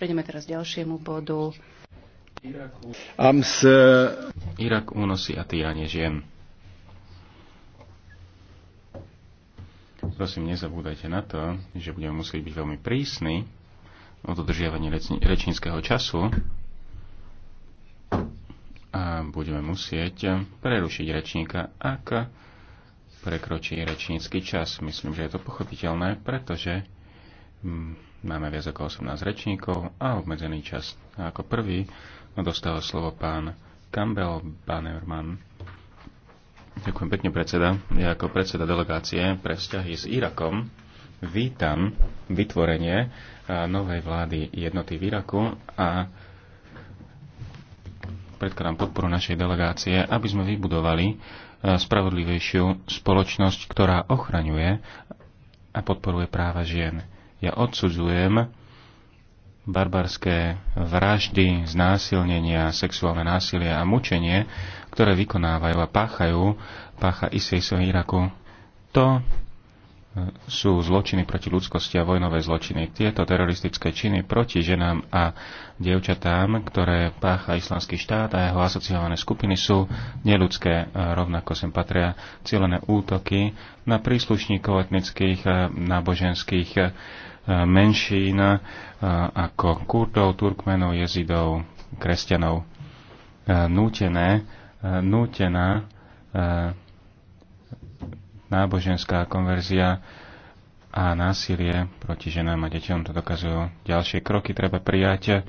Prejdeme teraz k ďalšiemu bodu. Ams... Irak únosy a týranie žien. Prosím, nezabúdajte na to, že budeme musieť byť veľmi prísni o dodržiavaní rečníckého času a budeme musieť prerušiť rečníka, ak prekročí rečnícky čas. Myslím, že je to pochopiteľné, pretože mm, Máme viac ako 18 rečníkov a obmedzený čas. A ako prvý dostal slovo pán Campbell Bannerman. Ďakujem pekne, predseda. Ja ako predseda delegácie pre vzťahy s Irakom vítam vytvorenie novej vlády jednoty v Iraku a predkladám podporu našej delegácie, aby sme vybudovali spravodlivejšiu spoločnosť, ktorá ochraňuje a podporuje práva žien. Ja odsudzujem barbarské vraždy, znásilnenia, sexuálne násilie a mučenie, ktoré vykonávajú a páchajú, pácha ISIS v Iraku. To e, sú zločiny proti ľudskosti a vojnové zločiny. Tieto teroristické činy proti ženám a dievčatám, ktoré pácha islamský štát a jeho asociované skupiny sú neludské. E, rovnako sem patria cílené útoky na príslušníkov etnických, e, náboženských menšín ako Kurdov, Turkmenov, Jezidov, kresťanov. Nútené, nútená náboženská konverzia a násilie proti ženám a deťom to dokazujú. Ďalšie kroky treba prijať.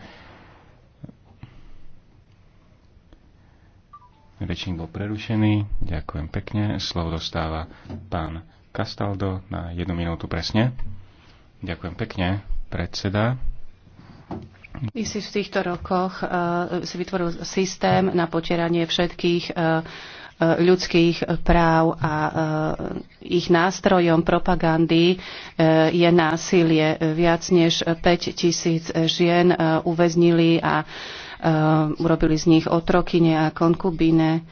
Rečník bol prerušený. Ďakujem pekne. Slovo dostáva pán Castaldo na jednu minútu presne. Ďakujem pekne, predseda. Vy si v týchto rokoch uh, si vytvoril systém na potieranie všetkých uh, ľudských práv a uh, ich nástrojom propagandy uh, je násilie. Viac než 5 tisíc žien uh, uväznili a urobili z nich otrokyne a konkubíne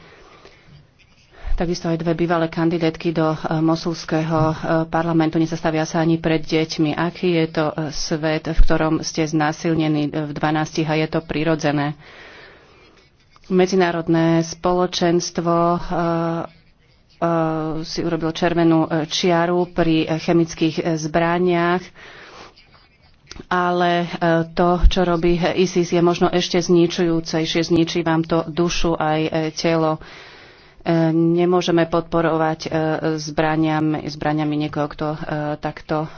Takisto aj dve bývalé kandidátky do e, Mosulského e, parlamentu nezastavia sa ani pred deťmi. Aký je to e, svet, v ktorom ste znásilnení v 12 a je to prirodzené? Medzinárodné spoločenstvo si urobil červenú čiaru pri chemických zbraniach ale to, čo robí ISIS, je možno ešte zničujúcejšie. Zničí vám to dušu aj telo. E, nemôžeme podporovať e, zbraniami, zbraniami niekoho, kto e, takto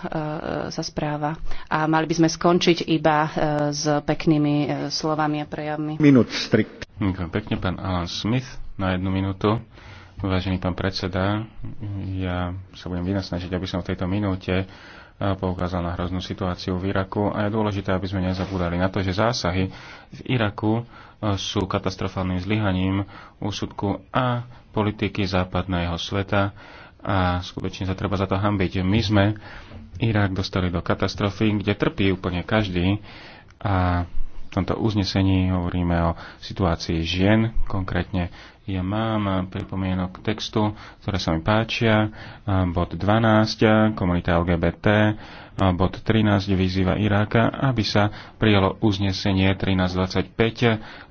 sa správa. A mali by sme skončiť iba s peknými slovami a prejavmi. Minút strikt. Ďakujem pekne, pán Alan Smith, na jednu minútu. Vážený pán predseda, ja sa budem vynasnažiť, aby som v tejto minúte poukázal na hroznú situáciu v Iraku a je dôležité, aby sme nezabúdali na to, že zásahy v Iraku sú katastrofálnym zlyhaním úsudku a politiky západného sveta a skutočne sa treba za to hambiť. My sme Irak dostali do katastrofy, kde trpí úplne každý a v tomto uznesení hovoríme o situácii žien konkrétne. Ja mám pripomienok textu, ktoré sa mi páčia. Bod 12, komunita LGBT. Bod 13 vyzýva Iráka, aby sa prijalo uznesenie 1325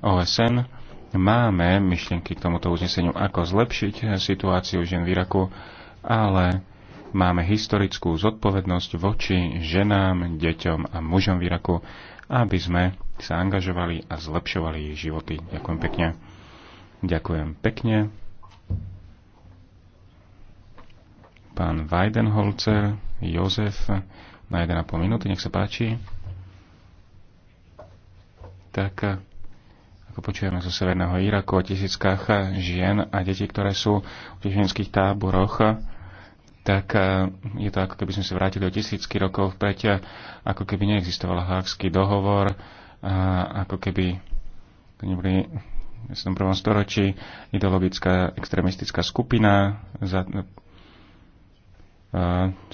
OSN. Máme myšlienky k tomuto uzneseniu, ako zlepšiť situáciu žien v Iraku, ale máme historickú zodpovednosť voči ženám, deťom a mužom v Iraku aby sme sa angažovali a zlepšovali ich životy. Ďakujem pekne. Ďakujem pekne. Pán Weidenholzer, Jozef, na 1,5 minúty, nech sa páči. Tak, ako počujeme zo Severného Iraku, o tisíckách žien a detí, ktoré sú v tieženských táboroch, tak eh, je to ako keby sme sa vrátili o tisícky rokov vpred, eh, ako keby neexistoval hákský dohovor, eh, ako keby to neboli v 21. storočí ideologická extremistická skupina za,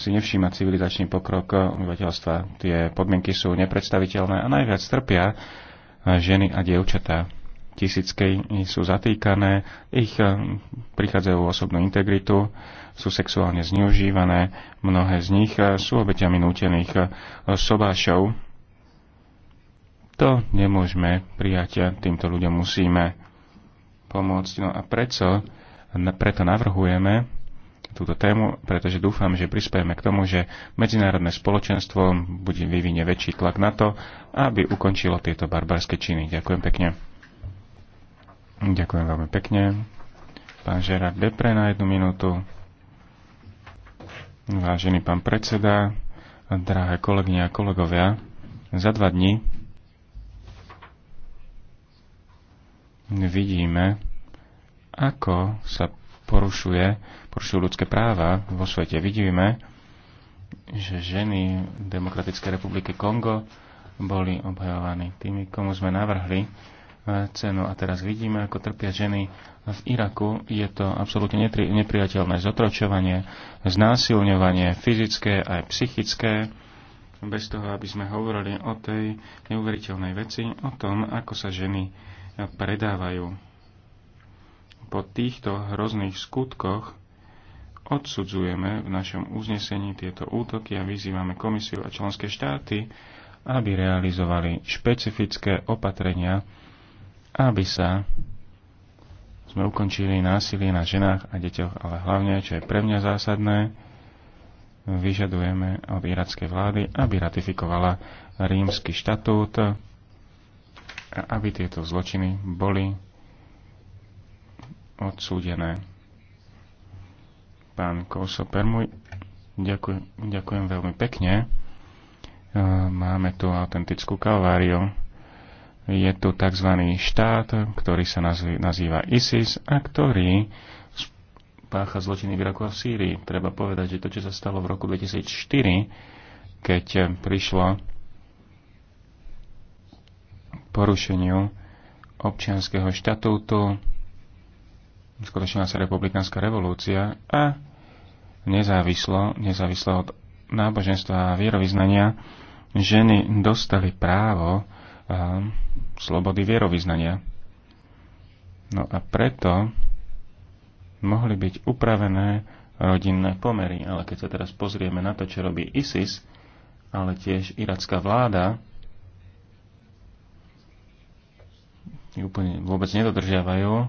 si nevšíma civilizačný pokrok obyvateľstva. Tie podmienky sú nepredstaviteľné a najviac trpia ženy a dievčatá tisícky sú zatýkané, ich eh, prichádzajú osobnú integritu, sú sexuálne zneužívané, mnohé z nich eh, sú obeťami nútených eh, sobášov. To nemôžeme prijať, týmto ľuďom musíme pomôcť. No a prečo? Preto navrhujeme túto tému, pretože dúfam, že prispieme k tomu, že medzinárodné spoločenstvo bude vyvinie väčší tlak na to, aby ukončilo tieto barbarské činy. Ďakujem pekne. Ďakujem veľmi pekne. Pán Žerard Depre na jednu minútu. Vážený pán predseda, drahé kolegyne a kolegovia, za dva dní vidíme, ako sa porušuje, porušujú ľudské práva vo svete. Vidíme, že ženy Demokratickej republiky Kongo boli obhajovaní tými, komu sme navrhli, cenu. A teraz vidíme, ako trpia ženy v Iraku. Je to absolútne nepri- nepriateľné zotročovanie, znásilňovanie fyzické aj psychické, bez toho, aby sme hovorili o tej neuveriteľnej veci, o tom, ako sa ženy predávajú. Po týchto hrozných skutkoch odsudzujeme v našom uznesení tieto útoky a vyzývame komisiu a členské štáty, aby realizovali špecifické opatrenia, aby sa sme ukončili násilie na ženách a deťoch, ale hlavne, čo je pre mňa zásadné, vyžadujeme od irackej vlády, aby ratifikovala rímsky štatút a aby tieto zločiny boli odsúdené. Pán Koso Permuj, ďakujem, ďakujem veľmi pekne. Máme tu autentickú kalváriu je tu tzv. štát, ktorý sa nazýva ISIS a ktorý pácha zločiny v Iraku a v Sýrii. Treba povedať, že to, čo sa stalo v roku 2004, keď prišlo porušeniu občianského štatútu, skutočnila sa republikánska revolúcia a nezávislo, nezávislo od náboženstva a vierovýznania, ženy dostali právo slobody vierovýznania. No a preto mohli byť upravené rodinné pomery. Ale keď sa teraz pozrieme na to, čo robí ISIS, ale tiež iracká vláda, úplne vôbec nedodržiavajú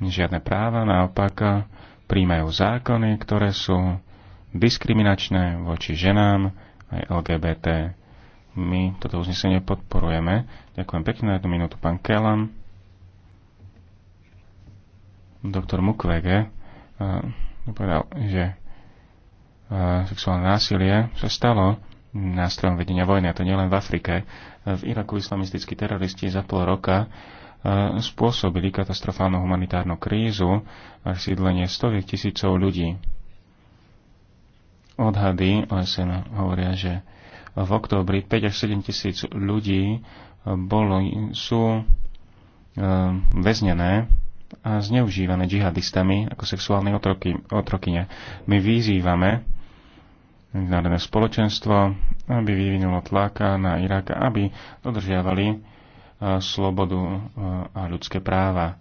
žiadne práva, naopak príjmajú zákony, ktoré sú diskriminačné voči ženám aj LGBT my toto uznesenie podporujeme. Ďakujem pekne na jednu minútu pán Kelan. Doktor Mukwege eh, povedal, že eh, sexuálne násilie sa stalo nástrojom vedenia vojny, a to nielen v Afrike. V Iraku islamistickí teroristi za pol roka eh, spôsobili katastrofálnu humanitárnu krízu a sídlenie stoviek tisícov ľudí. Odhady OSN hovoria, že v októbri 5 až 7 tisíc ľudí eh, bolo, sú eh, väznené a zneužívané džihadistami ako sexuálne otroky, otrokyne. My vyzývame medzinárodné spoločenstvo, aby vyvinulo tlak na Irak, aby dodržiavali eh, slobodu a ľudské práva.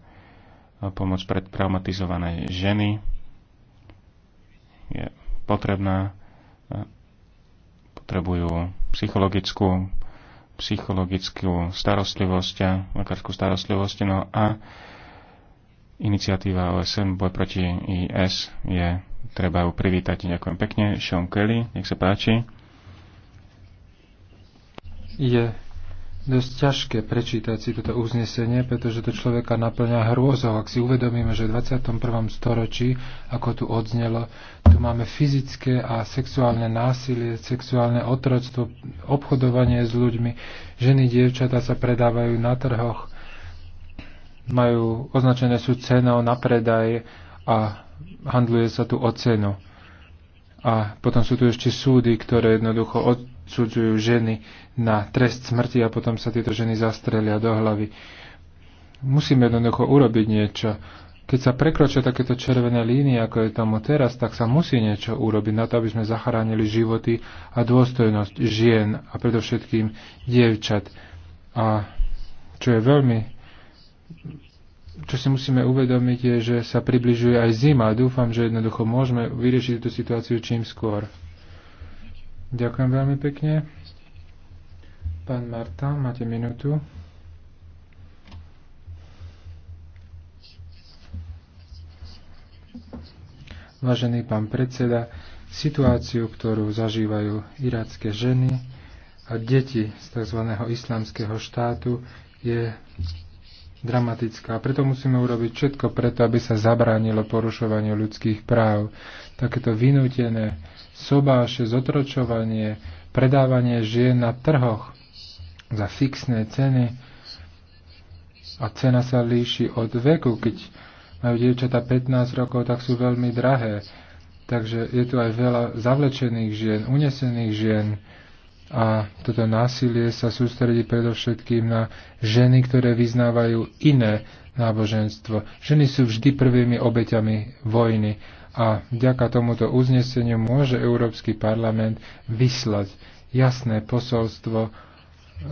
a Pomoc pre traumatizované ženy je potrebná potrebujú psychologickú, psychologickú starostlivosť a lekárskú starostlivosť. No a iniciatíva OSN boj proti IS je, treba ju privítať. Ďakujem pekne. Sean Kelly, nech sa páči. Je dosť ťažké prečítať si toto uznesenie, pretože to človeka naplňa hrôzou. Ak si uvedomíme, že v 21. storočí, ako tu odznelo, tu máme fyzické a sexuálne násilie, sexuálne otroctvo, obchodovanie s ľuďmi, ženy, dievčata sa predávajú na trhoch, majú označené sú cenou na predaj a handluje sa tu o cenu. A potom sú tu ešte súdy, ktoré jednoducho odsudzujú ženy na trest smrti a potom sa tieto ženy zastrelia do hlavy. Musíme jednoducho urobiť niečo. Keď sa prekročia takéto červené línie, ako je tomu teraz, tak sa musí niečo urobiť na to, aby sme zachránili životy a dôstojnosť žien a predovšetkým dievčat. A čo je veľmi čo si musíme uvedomiť, je, že sa približuje aj zima. Dúfam, že jednoducho môžeme vyriešiť túto situáciu čím skôr. Ďakujem veľmi pekne. Pán Marta, máte minútu. Vážený pán predseda, situáciu, ktorú zažívajú irácké ženy a deti z tzv. islamského štátu, je dramatická. Preto musíme urobiť všetko preto, aby sa zabránilo porušovaniu ľudských práv. Takéto vynútené sobáše, zotročovanie, predávanie žien na trhoch za fixné ceny a cena sa líši od veku. Keď majú dievčata 15 rokov, tak sú veľmi drahé. Takže je tu aj veľa zavlečených žien, unesených žien, a toto násilie sa sústredí predovšetkým na ženy, ktoré vyznávajú iné náboženstvo. Ženy sú vždy prvými obeťami vojny a vďaka tomuto uzneseniu môže Európsky parlament vyslať jasné posolstvo,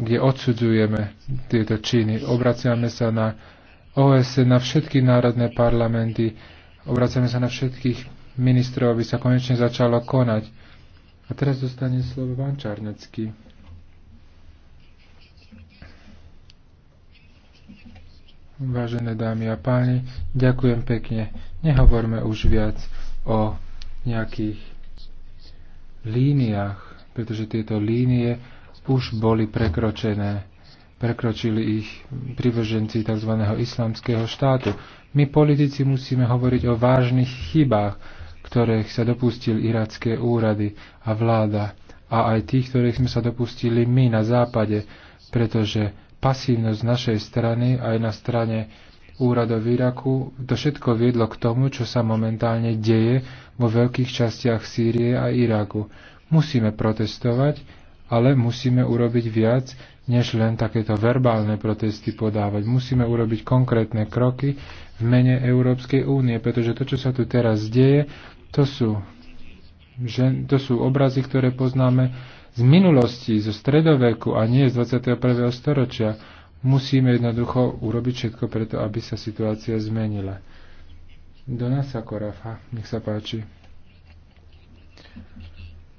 kde odsudzujeme tieto činy. Obraciame sa na OSN, na všetky národné parlamenty, obraciame sa na všetkých ministrov, aby sa konečne začalo konať a teraz dostane slovo pán Čarnecký. Vážené dámy a páni, ďakujem pekne. Nehovorme už viac o nejakých líniách, pretože tieto línie už boli prekročené. Prekročili ich privrženci tzv. islamského štátu. My politici musíme hovoriť o vážnych chybách, ktorých sa dopustili iracké úrady a vláda a aj tých, ktorých sme sa dopustili my na západe, pretože pasívnosť z našej strany aj na strane úradov Iraku, to všetko viedlo k tomu, čo sa momentálne deje vo veľkých častiach Sýrie a Iraku. Musíme protestovať, ale musíme urobiť viac, než len takéto verbálne protesty podávať. Musíme urobiť konkrétne kroky v mene Európskej únie, pretože to, čo sa tu teraz deje, to sú, žen, to sú obrazy, ktoré poznáme z minulosti, zo stredoveku a nie z 21. storočia. Musíme jednoducho urobiť všetko preto, aby sa situácia zmenila. ako Rafa, nech sa páči.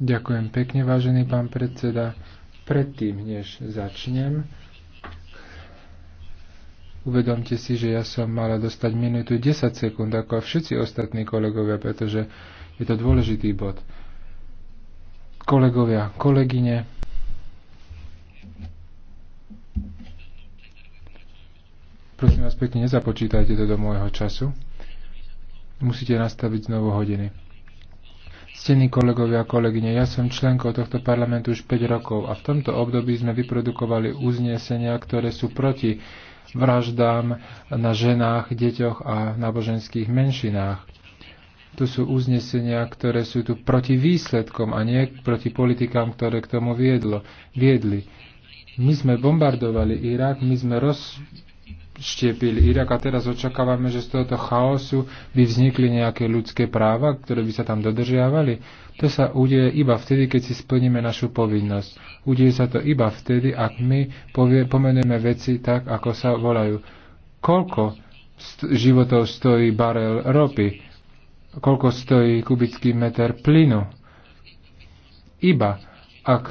Ďakujem pekne, vážený pán predseda. Predtým, než začnem, uvedomte si, že ja som mala dostať minútu 10 sekúnd, ako všetci ostatní kolegovia, pretože je to dôležitý bod. Kolegovia, kolegyne, prosím vás pekne, nezapočítajte to do môjho času. Musíte nastaviť znovu hodiny. Ctení kolegovia a kolegyne, ja som členkou tohto parlamentu už 5 rokov a v tomto období sme vyprodukovali uznesenia, ktoré sú proti vraždám na ženách, deťoch a náboženských menšinách. To sú uznesenia, ktoré sú tu proti výsledkom a nie proti politikám, ktoré k tomu viedlo, viedli. My sme bombardovali Irak, my sme roz, štiepili Irak a teraz očakávame, že z tohoto chaosu by vznikli nejaké ľudské práva, ktoré by sa tam dodržiavali. To sa udeje iba vtedy, keď si splníme našu povinnosť. Udeje sa to iba vtedy, ak my povie, pomenujeme veci tak, ako sa volajú. Koľko st- životov stojí barel ropy? Koľko stojí kubický meter plynu? Iba ak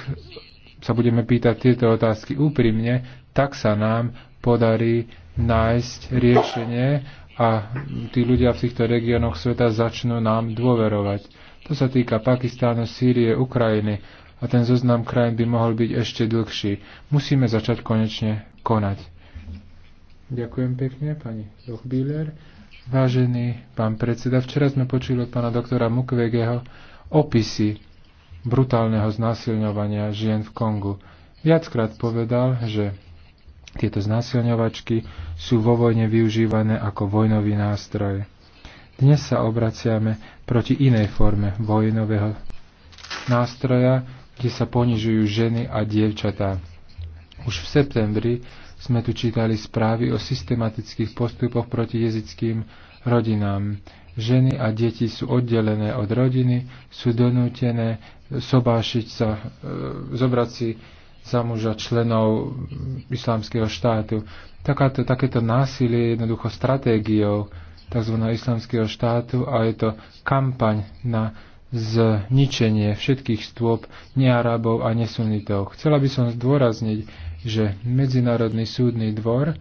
sa budeme pýtať tieto otázky úprimne, tak sa nám podarí nájsť riešenie a tí ľudia v týchto regiónoch sveta začnú nám dôverovať. To sa týka Pakistánu, Sýrie, Ukrajiny a ten zoznam krajín by mohol byť ešte dlhší. Musíme začať konečne konať. Ďakujem pekne, pani Dochbíler. Vážený pán predseda, včera sme počuli od pána doktora Mukwegeho opisy brutálneho znásilňovania žien v Kongu. Viackrát povedal, že tieto znásilňovačky sú vo vojne využívané ako vojnový nástroj. Dnes sa obraciame proti inej forme vojnového nástroja, kde sa ponižujú ženy a dievčatá. Už v septembri sme tu čítali správy o systematických postupoch proti jezickým rodinám. Ženy a deti sú oddelené od rodiny, sú donútené sobášiť sa, e, zobrať si za muža členov islamského štátu. Takáto, takéto násilie je jednoducho stratégiou tzv. islamského štátu a je to kampaň na zničenie všetkých stôp nearabov a nesunitov. Chcela by som zdôrazniť, že Medzinárodný súdny dvor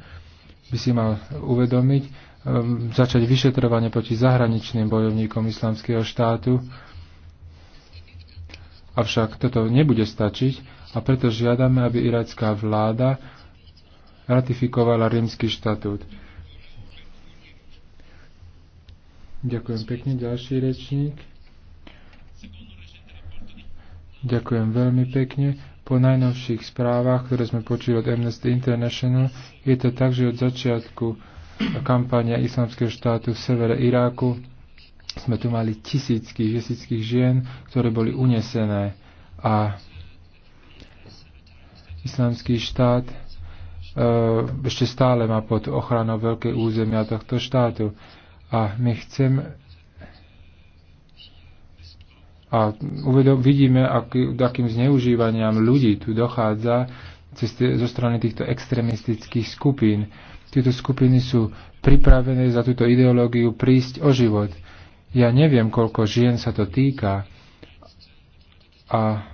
by si mal uvedomiť, um, začať vyšetrovanie proti zahraničným bojovníkom islamského štátu, Avšak toto nebude stačiť a preto žiadame, aby iracká vláda ratifikovala rímsky štatút. Ďakujem pekne, ďalší rečník. Ďakujem veľmi pekne. Po najnovších správach, ktoré sme počuli od Amnesty International, je to tak, že od začiatku kampania Islamského štátu v severe Iráku sme tu mali tisícky jezických žien, ktoré boli unesené a Islamský štát eh, ešte stále má pod ochranou veľké územia tohto štátu. A my chceme a uvedom, vidíme, aký, akým zneužívaniam ľudí tu dochádza cez, zo strany týchto extremistických skupín. Tieto skupiny sú pripravené za túto ideológiu prísť o život. Ja neviem, koľko žien sa to týka a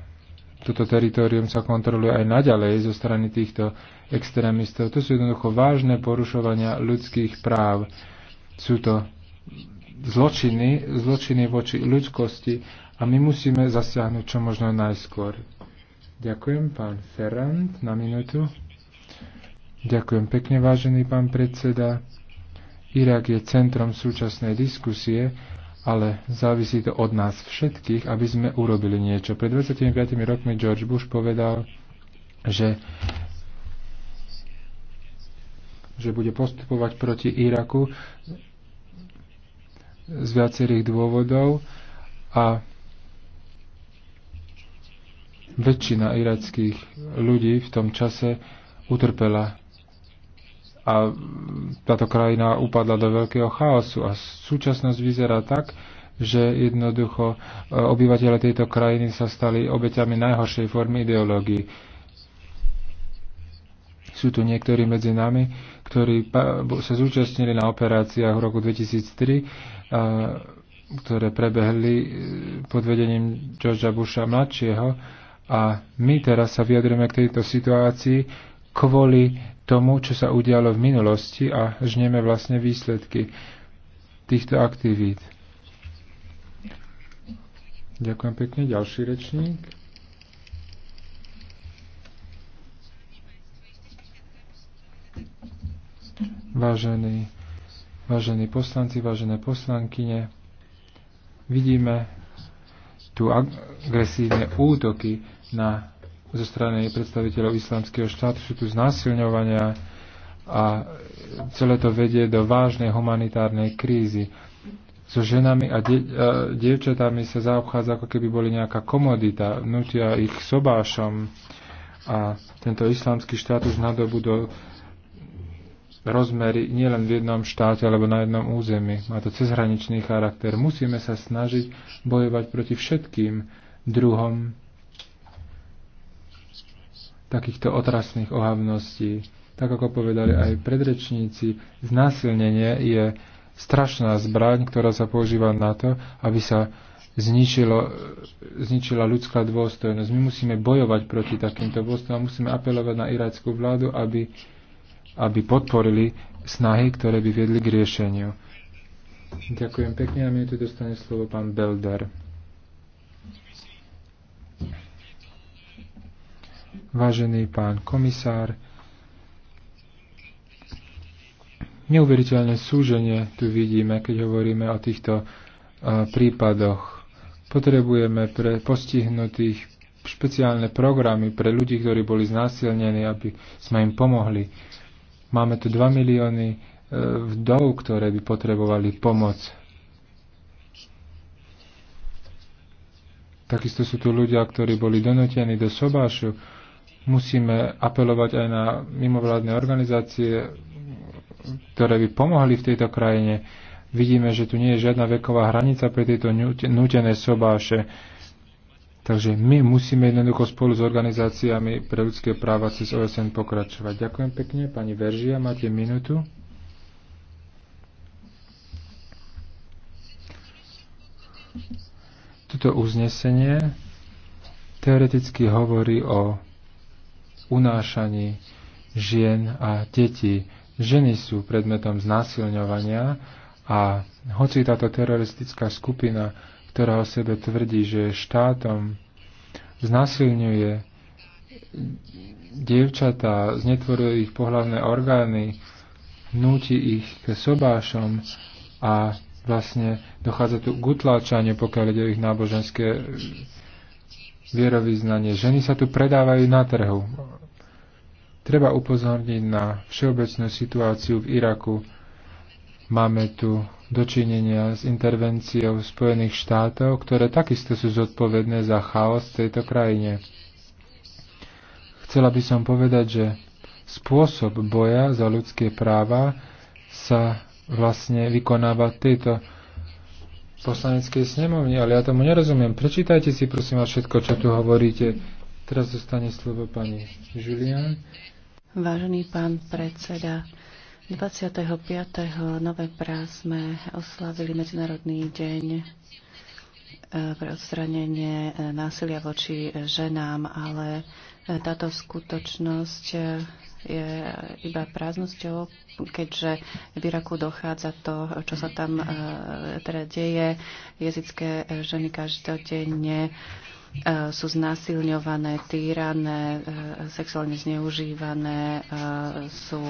toto teritorium sa kontroluje aj naďalej zo strany týchto extrémistov. To sú jednoducho vážne porušovania ľudských práv. Sú to zločiny, zločiny voči ľudskosti a my musíme zasiahnuť čo možno najskôr. Ďakujem, pán Ferrand, na minútu. Ďakujem pekne, vážený pán predseda. Irak je centrom súčasnej diskusie ale závisí to od nás všetkých, aby sme urobili niečo. Pred 25 rokmi George Bush povedal, že že bude postupovať proti Iraku z viacerých dôvodov a väčšina irackých ľudí v tom čase utrpela a táto krajina upadla do veľkého chaosu. A súčasnosť vyzerá tak, že jednoducho e, obyvateľe tejto krajiny sa stali obeťami najhoršej formy ideológií. Sú tu niektorí medzi nami, ktorí sa zúčastnili na operáciách v roku 2003, e, ktoré prebehli e, pod vedením Georgea Busha mladšieho. A my teraz sa vyjadrujeme k tejto situácii kvôli tomu, čo sa udialo v minulosti a žneme vlastne výsledky týchto aktivít. Ďakujem pekne. Ďalší rečník. Vážení, vážení poslanci, vážené poslankyne, vidíme tu agresívne útoky na zo strany predstaviteľov islamského štátu, sú tu znásilňovania a celé to vedie do vážnej humanitárnej krízy. So ženami a, a dievčatami sa zaobchádza, ako keby boli nejaká komodita, nutia ich sobášom a tento islamský štát už nadobudol rozmery nielen v jednom štáte alebo na jednom území. Má to cezhraničný charakter. Musíme sa snažiť bojovať proti všetkým druhom takýchto otrasných ohavností. Tak ako povedali aj predrečníci, znásilnenie je strašná zbraň, ktorá sa používa na to, aby sa zničilo, zničila ľudská dôstojnosť. My musíme bojovať proti takýmto dôstojnosť a musíme apelovať na irackú vládu, aby, aby podporili snahy, ktoré by viedli k riešeniu. Ďakujem pekne a mi tu dostane slovo pán Belder vážený pán komisár. Neuveriteľné súženie tu vidíme, keď hovoríme o týchto prípadoch. Potrebujeme pre postihnutých špeciálne programy pre ľudí, ktorí boli znásilnení, aby sme im pomohli. Máme tu 2 milióny e, vdov, ktoré by potrebovali pomoc. Takisto sú tu ľudia, ktorí boli donútení do sobášu, Musíme apelovať aj na mimovládne organizácie, ktoré by pomohli v tejto krajine. Vidíme, že tu nie je žiadna veková hranica pre tieto nutené sobáše. Takže my musíme jednoducho spolu s organizáciami pre ľudské práva cez OSN pokračovať. Ďakujem pekne. Pani Veržia, máte minútu. Toto uznesenie teoreticky hovorí o unášaní žien a detí. Ženy sú predmetom znásilňovania a hoci táto teroristická skupina, ktorá o sebe tvrdí, že štátom, znásilňuje dievčatá, znetvoruje ich pohľavné orgány, núti ich k sobášom a vlastne dochádza tu k utláčaniu, pokiaľ ide o ich náboženské vierovýznanie. Ženy sa tu predávajú na trhu. Treba upozorniť na všeobecnú situáciu v Iraku. Máme tu dočinenia s intervenciou Spojených štátov, ktoré takisto sú zodpovedné za chaos v tejto krajine. Chcela by som povedať, že spôsob boja za ľudské práva sa vlastne vykonáva v tejto poslaneckej snemovni, ale ja tomu nerozumiem. Prečítajte si prosím vás všetko, čo tu hovoríte. Teraz dostane slovo pani Julian. Vážený pán predseda, 25. novembra sme oslavili Medzinárodný deň eh, pre odstranenie eh, násilia voči eh, ženám, ale táto skutočnosť je iba prázdnosťou, keďže v Iraku dochádza to, čo sa tam teda deje. Jezické ženy každodenne E, sú znásilňované, týrané, e, sexuálne zneužívané, e, sú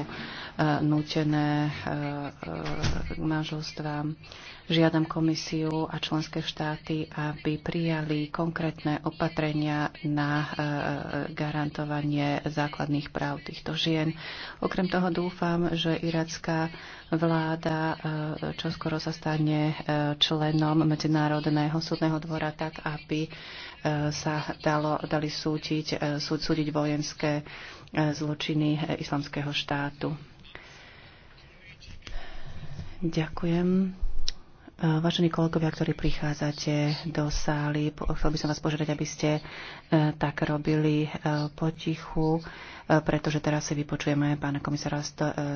nútené k manželstvám. Žiadam komisiu a členské štáty, aby prijali konkrétne opatrenia na garantovanie základných práv týchto žien. Okrem toho dúfam, že iracká vláda čoskoro sa stane členom Medzinárodného súdneho dvora tak, aby E, sa dalo, dali súdiť, e, súd, súdiť vojenské e, zločiny islamského štátu. Ďakujem. Vážení kolegovia, ktorí prichádzate do sály, chcel by som vás požiadať, aby ste tak robili potichu, pretože teraz si vypočujeme pána komisára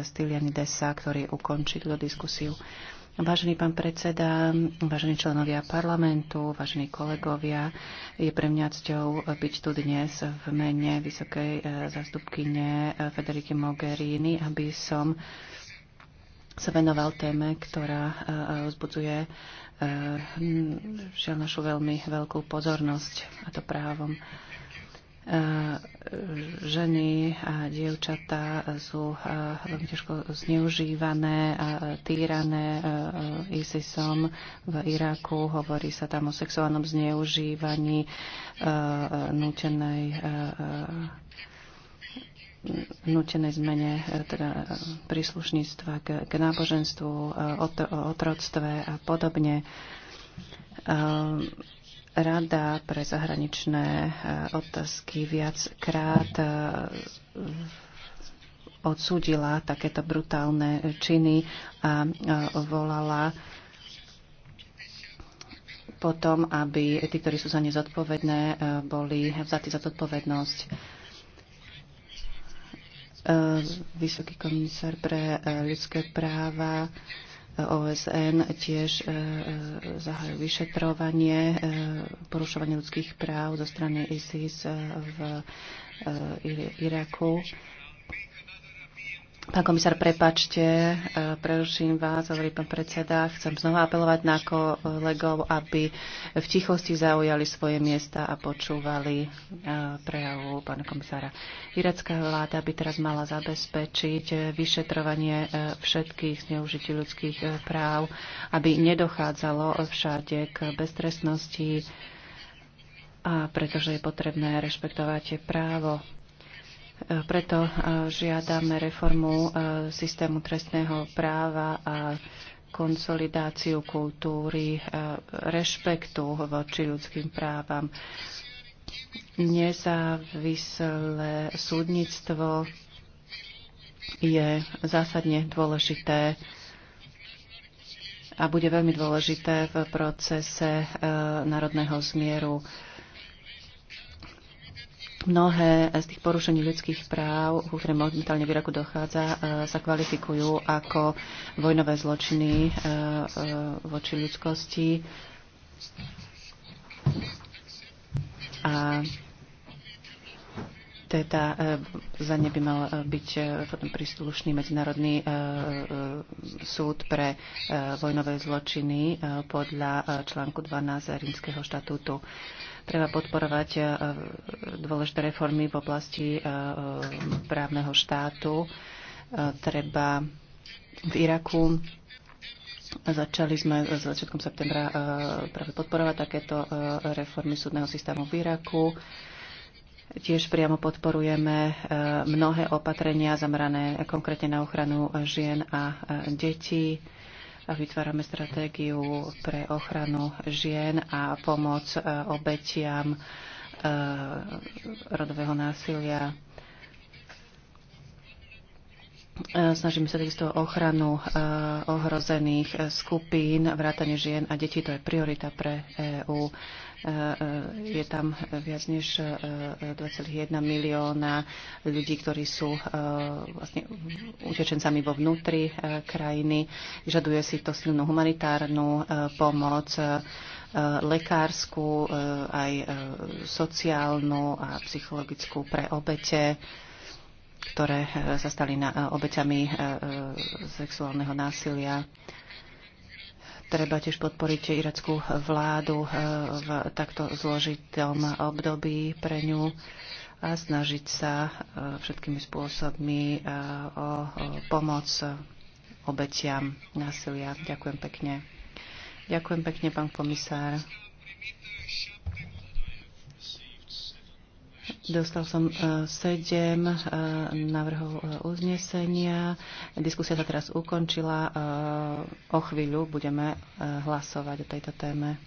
Stylianidesa, ktorý ukončí túto diskusiu. Vážený pán predseda, vážení členovia parlamentu, vážení kolegovia, je pre mňa cťou byť tu dnes v mene vysokej e, zástupkyne e, Federiky Mogherini, aby som sa venoval téme, ktorá vzbudzuje e, našu veľmi veľkú pozornosť, a to právom. Eh, ženy a dievčatá sú eh, veľmi ťažko zneužívané a týrané eh, ISISom v Iraku. Hovorí sa tam o sexuálnom zneužívaní nútenej nutenej zmene teda príslušníctva k, k náboženstvu, otroctve a podobne Rada pre zahraničné e, otázky viackrát e, odsúdila takéto brutálne činy a e, volala potom, aby tí, ktorí sú za ne zodpovedné, boli vzatí za zodpovednosť vysoký komisár pre ľudské práva OSN tiež e, e, zahajú vyšetrovanie e, porušovania ľudských práv zo strany ISIS v Iraku. Pán komisár, prepačte, e, preruším vás, hovorí pán predseda. Chcem znova apelovať na kolegov, aby v tichosti zaujali svoje miesta a počúvali e, prejavu pána komisára. Iracká vláda by teraz mala zabezpečiť vyšetrovanie e, všetkých zneužití ľudských práv, aby nedochádzalo všade k beztrestnosti, a pretože je potrebné rešpektovať právo preto e, žiadame reformu e, systému trestného práva a konsolidáciu kultúry e, rešpektu voči ľudským právam. Nezávislé súdnictvo je zásadne dôležité a bude veľmi dôležité v procese národného zmieru Mnohé z tých porušení ľudských práv, ku ktorým momentálne v Iraku dochádza, e, sa kvalifikujú ako vojnové zločiny e, e, voči ľudskosti. A teda e, za ne by mal e, byť e, potom príslušný medzinárodný súd pre vojnové zločiny podľa článku 12 Rímskeho štatútu. Treba podporovať dôležité reformy v oblasti právneho štátu. Treba v Iraku Začali sme začiatkom septembra práve podporovať takéto reformy súdneho systému v Iraku. Tiež priamo podporujeme e, mnohé opatrenia zamerané konkrétne na ochranu žien a e, detí. Vytvárame stratégiu pre ochranu žien a pomoc e, obetiam rodového násilia E, snažíme sa takisto o ochranu e, ohrozených e, skupín, vrátanie žien a detí. To je priorita pre EÚ. Je tam viac než 2,1 milióna ľudí, ktorí sú vlastne utečencami vo vnútri krajiny. Vyžaduje si to silnú humanitárnu pomoc lekárskú, aj sociálnu a psychologickú pre obete ktoré e, sa stali na, e, obeťami e, sexuálneho násilia. Treba tiež podporiť irackú vládu v takto zložitom období pre ňu a snažiť sa všetkými spôsobmi o pomoc obetiam násilia. Ďakujem pekne. Ďakujem pekne, pán komisár. Dostal som e, sedem e, návrhov e, uznesenia. Diskusia sa teraz ukončila. O chvíľu budeme hlasovať o tejto téme.